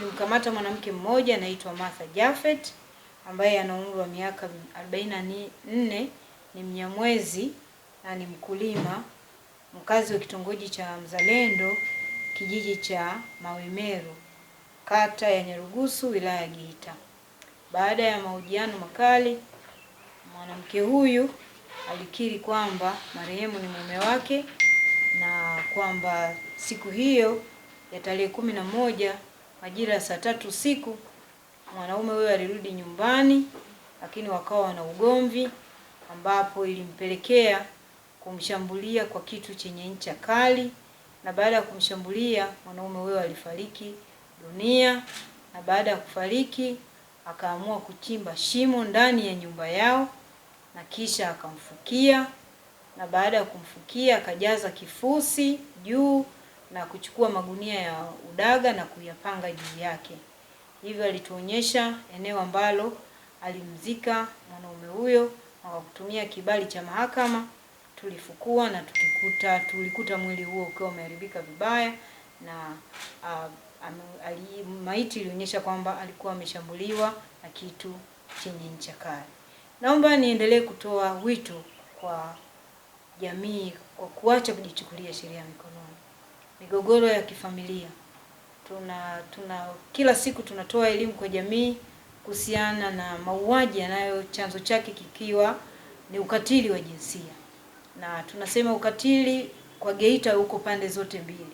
Alimkamata mwanamke mmoja anaitwa Martha Jaffet ambaye ana umri wa miaka 44, ni Mnyamwezi na ni mkulima mkazi wa kitongoji cha Mzalendo kijiji cha Mawemero, kata ya Nyarugusu wilaya ya Geita. Baada ya mahojiano makali, mwanamke huyu alikiri kwamba marehemu ni mume wake na kwamba siku hiyo ya tarehe kumi na moja majira ya saa tatu usiku mwanaume huyo alirudi nyumbani, lakini wakawa wana ugomvi, ambapo ilimpelekea kumshambulia kwa kitu chenye ncha kali, na baada ya kumshambulia mwanaume huyo alifariki dunia, na baada ya kufariki akaamua kuchimba shimo ndani ya nyumba yao na kisha akamfukia, na baada ya kumfukia akajaza kifusi juu na kuchukua magunia ya udaga na kuyapanga juu yake. Hivyo alituonyesha eneo ambalo alimzika mwanaume huyo, na kwa kutumia kibali cha mahakama tulifukua na tukikuta, tulikuta mwili huo ukiwa umeharibika vibaya na a, a, ali, maiti ilionyesha kwamba alikuwa ameshambuliwa na kitu chenye ncha kali. Naomba niendelee kutoa wito kwa jamii kwa kuacha kujichukulia sheria mikononi migogoro ya kifamilia. Tuna tuna kila siku tunatoa elimu kwa jamii kuhusiana na mauaji yanayo chanzo chake kikiwa ni ukatili wa jinsia, na tunasema ukatili kwa Geita huko pande zote mbili.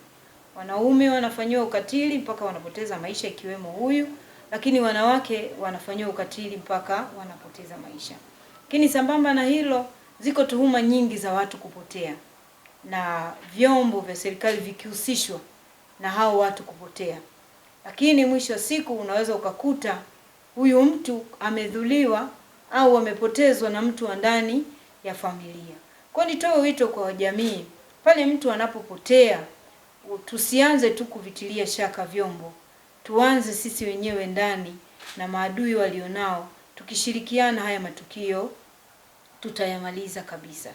Wanaume wanafanyiwa ukatili mpaka wanapoteza maisha, ikiwemo huyu, lakini wanawake wanafanyiwa ukatili mpaka wanapoteza maisha. Lakini sambamba na hilo, ziko tuhuma nyingi za watu kupotea na vyombo vya serikali vikihusishwa na hao watu kupotea. Lakini mwisho wa siku unaweza ukakuta huyu mtu amedhuliwa au amepotezwa na mtu wa ndani ya familia. Kwa nitoe wito kwa jamii, pale mtu anapopotea tusianze tu kuvitilia shaka vyombo, tuanze sisi wenyewe ndani na maadui walionao. Tukishirikiana haya matukio tutayamaliza kabisa.